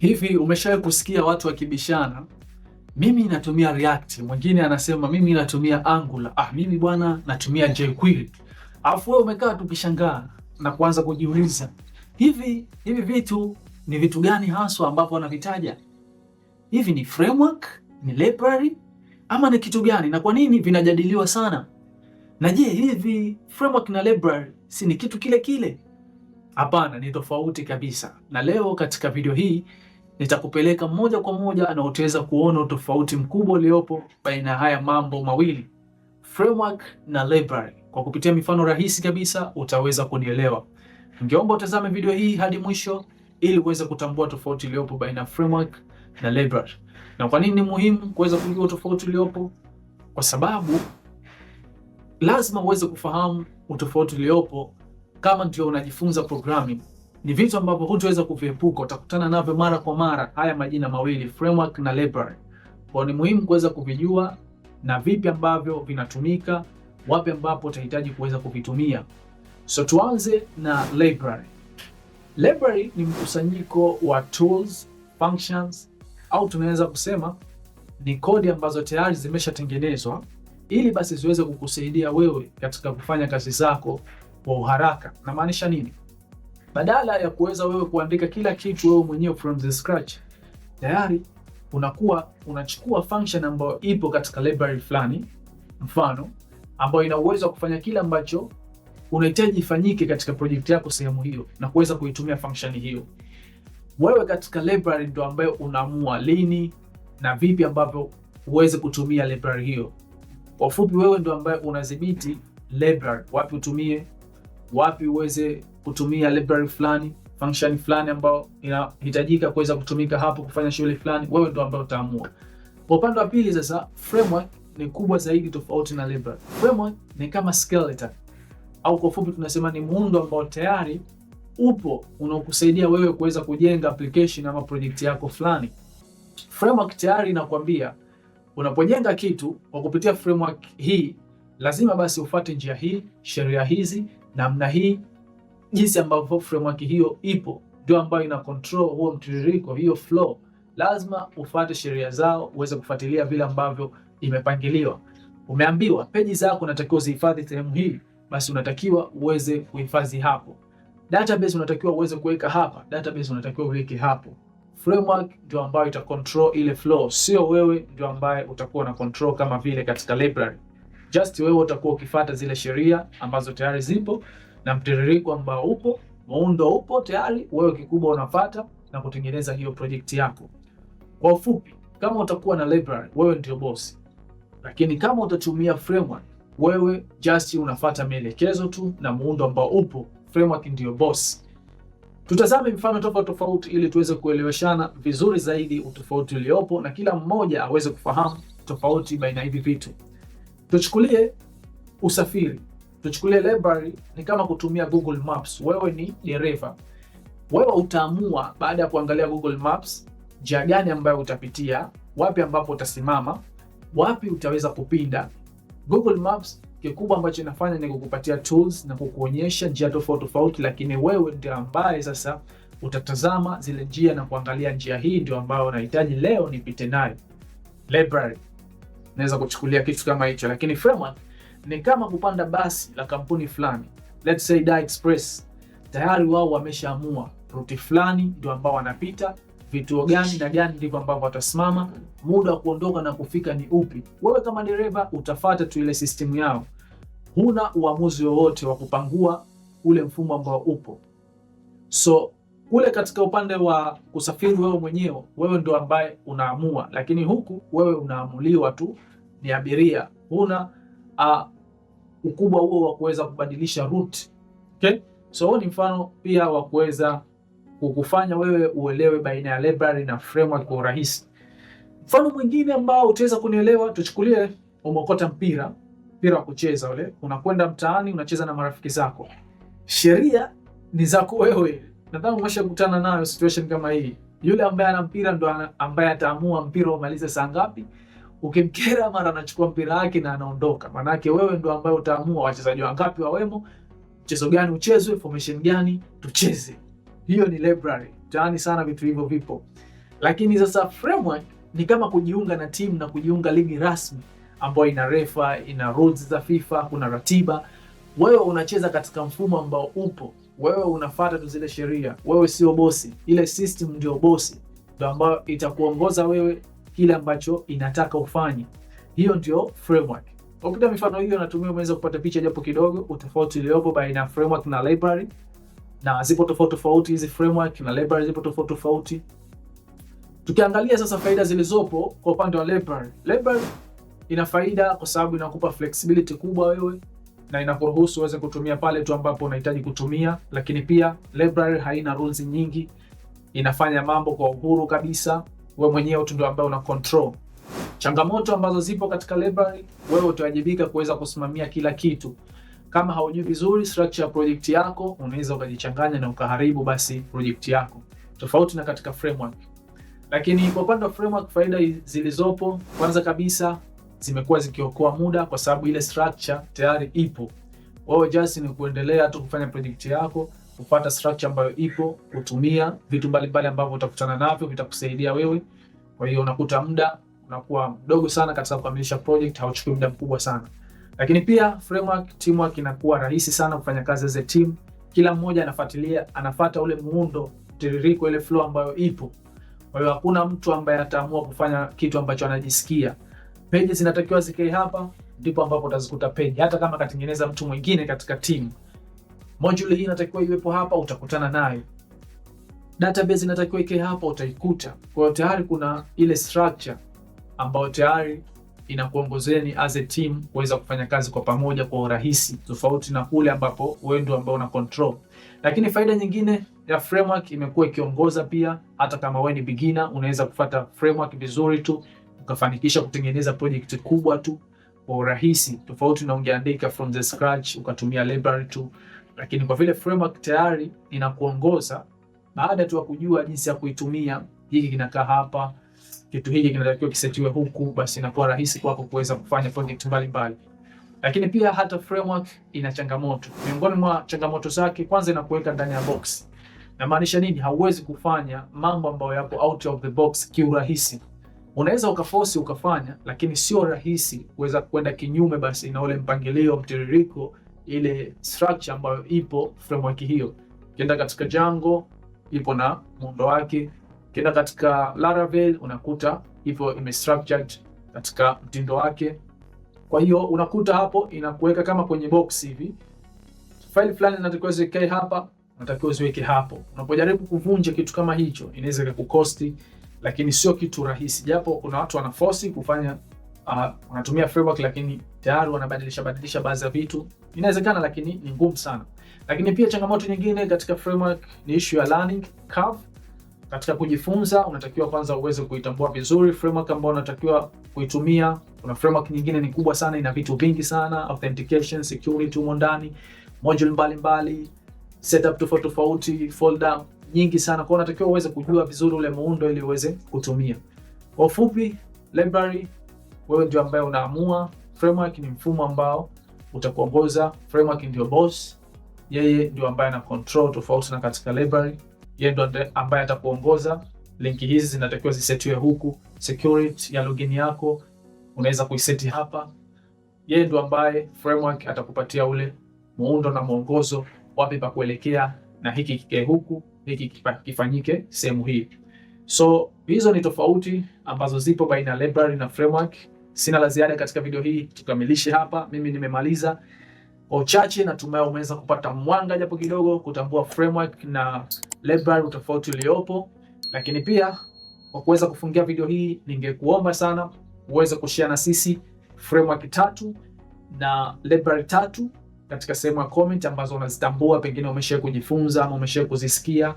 Hivi umeshawahi kusikia watu wakibishana, mimi natumia React, mwingine anasema mimi natumia Angular, ah, mimi bwana natumia jQuery. Alafu wewe umekaa tukishangaa na kuanza kujiuliza hivi hivi vitu ni vitu gani haswa ambavyo wanavitaja hivi? Ni framework, ni library ama ni kitu gani, na kwa nini vinajadiliwa sana? Na je, hivi framework na library si ni kitu kile kile? Hapana, ni tofauti kabisa. Na leo katika video hii nitakupeleka moja kwa moja na utaweza kuona utofauti mkubwa uliopo baina ya haya mambo mawili framework na library. Kwa kupitia mifano rahisi kabisa utaweza kunielewa. Ningeomba utazame video hii hadi mwisho ili uweze kutambua tofauti iliyopo baina ya framework na library. Na kwa nini ni muhimu kuweza kujua tofauti uliopo? Kwa sababu lazima uweze kufahamu utofauti uliopo kama ndio unajifunza programming. Ni vitu ambavyo hutaweza kuviepuka, utakutana navyo mara kwa mara, haya majina mawili framework na library. Kwa ni muhimu kuweza kuvijua na vipi ambavyo vinatumika, wapi ambapo utahitaji kuweza kuvitumia. So tuanze na library. Library ni mkusanyiko wa tools, functions au tunaweza kusema ni kodi ambazo tayari zimeshatengenezwa ili basi ziweze kukusaidia wewe katika kufanya kazi zako kwa uharaka. Namaanisha nini? badala ya kuweza wewe kuandika kila kitu wewe mwenyewe from the scratch, tayari unakuwa unachukua function ambayo ipo katika library fulani, mfano ambayo ina uwezo wa kufanya kile ambacho unahitaji ifanyike katika project yako sehemu hiyo, na kuweza kuitumia function hiyo. Wewe katika library ndo ambayo unaamua lini na vipi ambavyo uweze kutumia library hiyo. Kwa ufupi, wewe ndo ambaye unadhibiti library, wapi utumie, wapi uweze kutumia library fulani, function fulani ambayo inahitajika kuweza kutumika hapo kufanya shughuli fulani, wewe ndio ambaye utaamua. Kwa upande wa pili sasa, framework ni kubwa zaidi tofauti na library. Framework ni kama skeleton au kwa ufupi tunasema ni muundo ambao tayari upo unaokusaidia wewe kuweza kujenga application ama project yako fulani. Framework tayari inakwambia unapojenga kitu kwa kupitia framework hii lazima basi ufuate njia hii, sheria hizi, namna hii, jinsi ambavyo framework hiyo ipo ndio ambayo ina control huo mtiririko, hiyo flow. Lazima ufuate sheria zao, uweze kufuatilia vile ambavyo imepangiliwa. Umeambiwa peji zako unatakiwa uzihifadhi sehemu hii, basi unatakiwa uweze kuhifadhi hapo. Database unatakiwa uweze kuweka hapa, database unatakiwa uweke hapo. Framework ndio ambayo ita control ile flow, sio wewe ndio ambaye utakuwa na control kama vile katika library. Just wewe utakuwa ukifuata zile sheria ambazo tayari zipo na mtiririko ambao upo, muundo upo tayari, wewe kikubwa unafata na kutengeneza hiyo project yako. Kwa ufupi, kama utakuwa na library, wewe ndio bosi, Lakini kama utatumia framework, wewe just unafata maelekezo tu na muundo ambao upo, framework ndio bosi. Tutazame mfano tofauti tofauti ili tuweze kueleweshana vizuri zaidi utofauti uliopo na kila mmoja aweze kufahamu tofauti baina hivi vitu. Tuchukulie usafiri. Tuchukulie library ni kama kutumia Google Maps. Wewe ni dereva, wewe utaamua baada ya kuangalia Google Maps njia gani ambayo utapitia, wapi ambapo utasimama, wapi utaweza kupinda. Google Maps kikubwa ambacho inafanya ni kukupatia tools na kukuonyesha njia tofauti tofauti, lakini wewe ndio ambaye sasa utatazama zile njia na kuangalia njia hii ndio ambayo unahitaji leo nipite nayo. Library naweza kuchukulia kitu kama hicho, lakini framework ni kama kupanda basi la kampuni fulani, let's say Da Express. Tayari wao wameshaamua ruti fulani ndio ambao wanapita, vituo gani na gani ndivyo ambavyo watasimama, muda wa kuondoka na kufika ni upi. Wewe kama dereva utafata tu ile system yao, huna uamuzi wowote wa kupangua ule mfumo ambao upo. So kule katika upande wa kusafiri wewe mwenyewe, wewe ndo ambaye unaamua, lakini huku wewe unaamuliwa tu, ni abiria, huna uh, ukubwa huo wa kuweza kubadilisha root. Okay? So huo ni mfano pia wa kuweza kukufanya wewe uelewe baina ya library na framework kwa urahisi. Mfano mwingine ambao utaweza kunielewa, tuchukulie umeokota mpira, mpira wa kucheza ule, unakwenda mtaani unacheza na marafiki zako. Sheria ni zako wewe. Nadhani umeshakutana nayo situation kama hii. Yule ambaye ana mpira ndo ambaye ataamua mpira umalize saa ngapi Ukimkera mara anachukua mpira wake na anaondoka. Maanake wewe ndo ambaye utaamua wachezaji wangapi wawemo, mchezo gani uchezwe, formation gani tucheze. Hiyo ni library taani sana, vitu hivyo vipo. Lakini sasa framework ni kama kujiunga na timu na kujiunga ligi rasmi ambayo ina refa, ina rules za FIFA, kuna ratiba. Wewe unacheza katika mfumo ambao upo, wewe unafuata tu zile sheria, wewe sio bosi. Ile system ndio bosi, ndio ambayo itakuongoza wewe kile ambacho inataka ufanye. Hiyo ndio framework. Ukipata mifano hiyo, natumia umeweza kupata picha japo kidogo utofauti uliopo baina ya framework na library, na zipo tofauti tofauti hizi framework na library zipo tofauti tofauti. Tukiangalia sasa faida zilizopo kwa upande wa library. Library ina faida kwa sababu inakupa flexibility kubwa wewe na inakuruhusu uweze kutumia pale tu ambapo unahitaji kutumia, lakini pia library haina rules nyingi, inafanya mambo kwa uhuru kabisa wewe mwenyewe tu ndio ambaye una control changamoto ambazo zipo katika library, wewe utawajibika kuweza kusimamia kila kitu. Kama haujui vizuri structure ya project yako, unaweza ukajichanganya na ukaharibu basi project yako, tofauti na katika framework. Lakini kwa upande wa framework, faida zilizopo, kwanza kabisa zimekuwa zikiokoa muda, kwa sababu ile structure tayari ipo, wewe just ni kuendelea tu kufanya project yako kupata structure ambayo ipo, kutumia vitu mbalimbali ambavyo utakutana navyo vitakusaidia wewe. Kwa hiyo unakuta muda unakuwa mdogo sana katika kukamilisha project, hauchukui muda mkubwa sana. Lakini pia framework, teamwork inakuwa rahisi sana kufanya kazi as a team. Kila mmoja anafuatilia, anafuata ule muundo, tiririko, ile flow ambayo ipo. Kwa hiyo hakuna mtu ambaye ataamua kufanya kitu ambacho anajisikia. Pages zinatakiwa zikae hapa, ndipo ambapo utazikuta peji, hata kama katengeneza mtu mwingine katika timu. Module hii inatakiwa iwepo hapa, utakutana nayo. Database inatakiwa ikae hapa, utaikuta. Kwa hiyo tayari kuna ile structure ambayo tayari inakuongozeni as a team kuweza kufanya kazi kwa pamoja kwa urahisi, tofauti na kule ambapo wewe ndio ambao una control. Lakini faida nyingine ya framework imekuwa ikiongoza pia, hata kama wewe ni beginner, unaweza kufata framework vizuri tu ukafanikisha kutengeneza project kubwa tu kwa urahisi, tofauti na ungeandika from the scratch ukatumia library tu lakini kwa vile framework tayari inakuongoza, baada tu ya kujua jinsi ya kuitumia, hiki kinakaa hapa, kitu hiki kinatakiwa kisetiwe huku, basi inakuwa rahisi kwako kuweza kufanya project mbalimbali. Lakini pia hata framework ina changamoto. Miongoni mwa changamoto zake, kwanza inakuweka ndani ya box. Namaanisha nini? Hauwezi kufanya mambo ambayo yapo out of the box kiurahisi. Unaweza ukafosi ukafanya, lakini sio rahisi kuweza kwenda kinyume basi na ule mpangilio mtiririko ile structure ambayo ipo framework hiyo. Ukienda katika Django ipo na muundo wake, ukienda katika Laravel unakuta ipo structured katika mtindo wake. Kwa hiyo unakuta hapo inakuweka kama kwenye box hivi, file fulani inatakiwa ziweke hapa, unatakiwa ziweke hapo. Unapojaribu kuvunja kitu kama hicho, inaweza kukosti, lakini sio kitu rahisi, japo kuna watu wanaforce kufanya uh, unatumia framework lakini tayari wanabadilisha badilisha baadhi ya vitu, inawezekana, lakini ni ngumu sana. Lakini pia changamoto nyingine katika framework ni issue ya learning curve. Katika kujifunza, unatakiwa kwanza uweze kuitambua vizuri framework ambayo unatakiwa kuitumia. Kuna framework nyingine ni kubwa sana, ina vitu vingi sana, authentication, security humo ndani, module mbalimbali, setup tofauti tofauti, folder nyingi sana. Kwa hiyo unatakiwa uweze kujua vizuri ule muundo ili uweze kutumia. Kwa ufupi, library wewe ndio ambaye unaamua. Framework ni mfumo ambao utakuongoza, framework ndio boss, yeye ndio ambaye ana control, tofauti na katika library, yeye ndio ambaye atakuongoza. Linki hizi zinatakiwa zisetiwe huku, security ya login yako unaweza kuiseti hapa. Yeye ndio ambaye framework atakupatia ule muundo na mwongozo, wapi pa kuelekea, na hiki kikae huku, hiki kifanyike sehemu hii. So hizo ni tofauti ambazo zipo baina ya library na framework. Sina la ziada katika video hii, tukamilishe hapa. Mimi nimemaliza ochache, natumai umeweza kupata mwanga japo kidogo, kutambua framework na library utofauti uliopo, lakini pia kwa kuweza kufungia video hii, ningekuomba sana uweze kushare na sisi framework tatu na library tatu katika sehemu ya comment ambazo unazitambua, pengine umesha kujifunza ama umesha kuzisikia.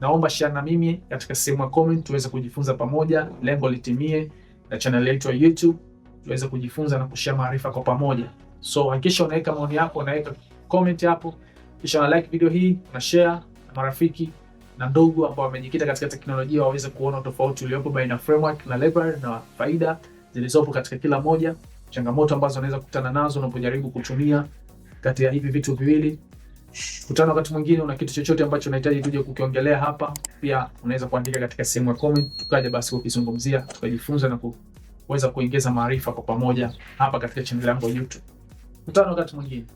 Naomba share na mimi katika sehemu ya comment tuweze kujifunza pamoja, lengo litimie, na channel yetu ya YouTube tuweze kujifunza na kushare maarifa kwa pamoja. So hakikisha unaweka maoni yako, unaweka comment hapo, kisha una like video hii, una share na marafiki na ndugu ambao wamejikita katika teknolojia waweze kuona tofauti uliopo baina framework na library na faida zilizopo katika kila moja, changamoto ambazo unaweza kukutana nazo unapojaribu kutumia kati ya hivi vitu viwili. Kutana wakati mwingine, una kitu chochote ambacho unahitaji tuje kukiongelea hapa, pia unaweza kuandika katika sehemu ya comment, tukaja basi kukizungumzia, tukajifunza na ku kuweza kuingiza maarifa kwa pamoja hapa katika channel yangu ya YouTube. Tutano wakati mwingine.